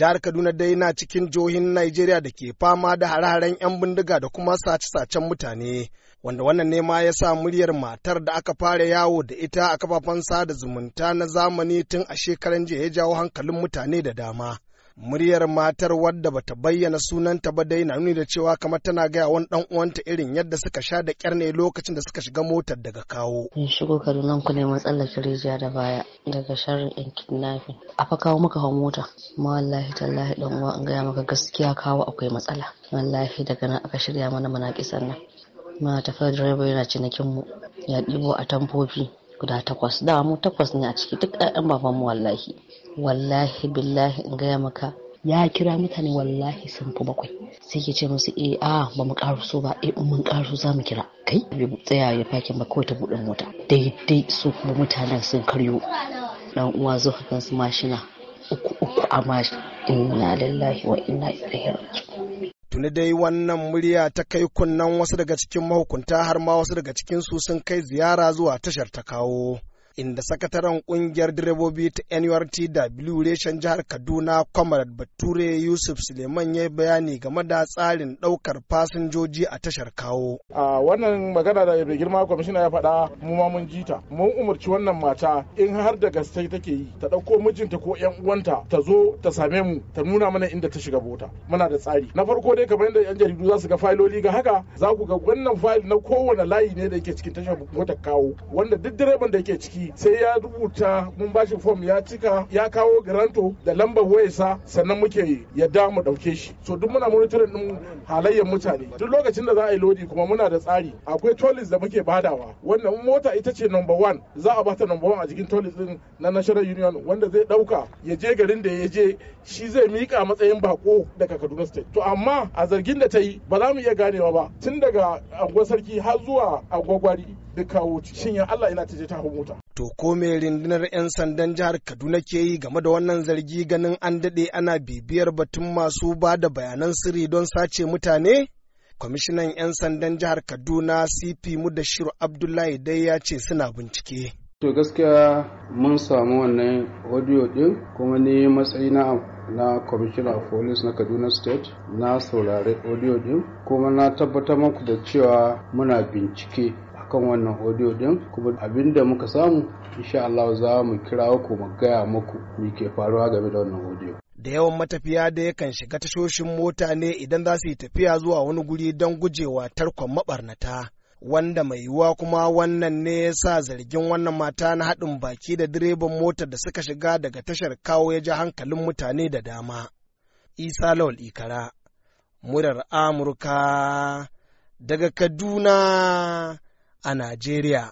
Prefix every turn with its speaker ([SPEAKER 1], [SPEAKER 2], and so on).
[SPEAKER 1] Jihar Kaduna dai na cikin jihohin Najeriya da ke fama da hare 'yan bindiga da kuma sace-sacen mutane, wanda wannan nema ya sa muryar matar da aka fara yawo da ita a kafafen sada zumunta na zamani tun a shekaran jiya ya jawo hankalin mutane da dama. muryar matar wadda bata bayyana sunanta ba dai na nuni da cewa kamar tana gaya wani dan uwanta irin yadda suka sha da kyar ne lokacin da suka shiga motar daga
[SPEAKER 2] kawo in shigo kaduna ku ne matsalar rijiya da baya daga sharrin in kidnapping a fa kawo maka hau mota ma wallahi tallahi dan uwa in gaya maka gaskiya kawo akwai matsala wallahi daga nan aka shirya mana kisan nan muna direba yana cinikin mu ya ɗibo a tamfofi guda takwas da mu takwas ne a ciki duk ɗayan baban mu wallahi wallahi billahi in gaya maka ya kira mutane wallahi sun fi bakwai sai ke ce musu eh a ba mu so ba eh mun karuso za mu kira kai bai tsaya ya fakin ba kawai ta buɗe mota daidai su kuma mutanen sun karyo dan uwa zo hakan su mashina uku uku a mashi inna lillahi wa inna ilaihi raji
[SPEAKER 1] tuni dai wannan murya ta kai kunnen wasu daga cikin mahukunta har ma wasu daga cikin su sun kai ziyara zuwa tashar ta kawo inda sakataren kungiyar direbobi ta nurtw reshen jihar kaduna comrade bature yusuf suleiman ya yi bayani game da tsarin daukar fasinjoji a tashar
[SPEAKER 3] kawo a wannan magana da bai girma kwamishina ya faɗa mu ma mun jita mun umarci wannan mata in har da gaske take yi ta ɗauko mijinta ko yan uwanta ta zo ta same mu ta nuna mana inda ta shiga bota muna da tsari na farko dai kamar yadda yan jaridu za su ga failoli ga haka za ku ga wannan fayil na kowane layi ne da yake cikin tashar motar kawo wanda duk direban da yake ciki sai ya rubuta mun bashi fom ya cika ya kawo garanto da lambar wayarsa sannan muke yadda mu dauke shi so duk muna monitoring din halayyar mutane duk lokacin da za a yi lodi kuma muna da tsari akwai tollis da muke badawa wannan mota ita ce number one za a bata number one a jikin tollis din na national union wanda zai dauka ya je garin da ya je shi zai mika matsayin bako daga kaduna state to amma a zargin da ta yi ba za mu iya ganewa ba tun daga anguwar sarki har zuwa agwagwari duk kawo shin ya allah ina ta je ta mota To
[SPEAKER 1] ko me rindinar 'yan sandan jihar Kaduna ke yi game da wannan zargi ganin an daɗe ana bibiyar batun masu ba da bayanan sirri don sace mutane? Kwamishinan 'yan sandan jihar Kaduna CP Mudashir Abdullahi dai ya ce suna bincike.
[SPEAKER 4] To gaskiya mun samu wannan audio din kuma ne matsayi na na commissioner of police na kaduna state na saurari audio din kuma na tabbatar muku da cewa muna bincike akan wannan audio din kuma abinda muka samu insha Allah za mu kira ku mu gaya muku me ke faruwa game da wannan audio
[SPEAKER 1] da yawan matafiya da yakan shiga tashoshin mota ne idan za su yi tafiya zuwa wani guri don gujewa tarkon mabarnata wanda mai yiwuwa kuma wannan ne ya sa zargin wannan mata na haɗin baki da direban motar da suka shiga daga tashar kawo ya ja hankalin mutane da dama. Isa Lawal Ikara, murar Amurka daga Kaduna a Najeriya.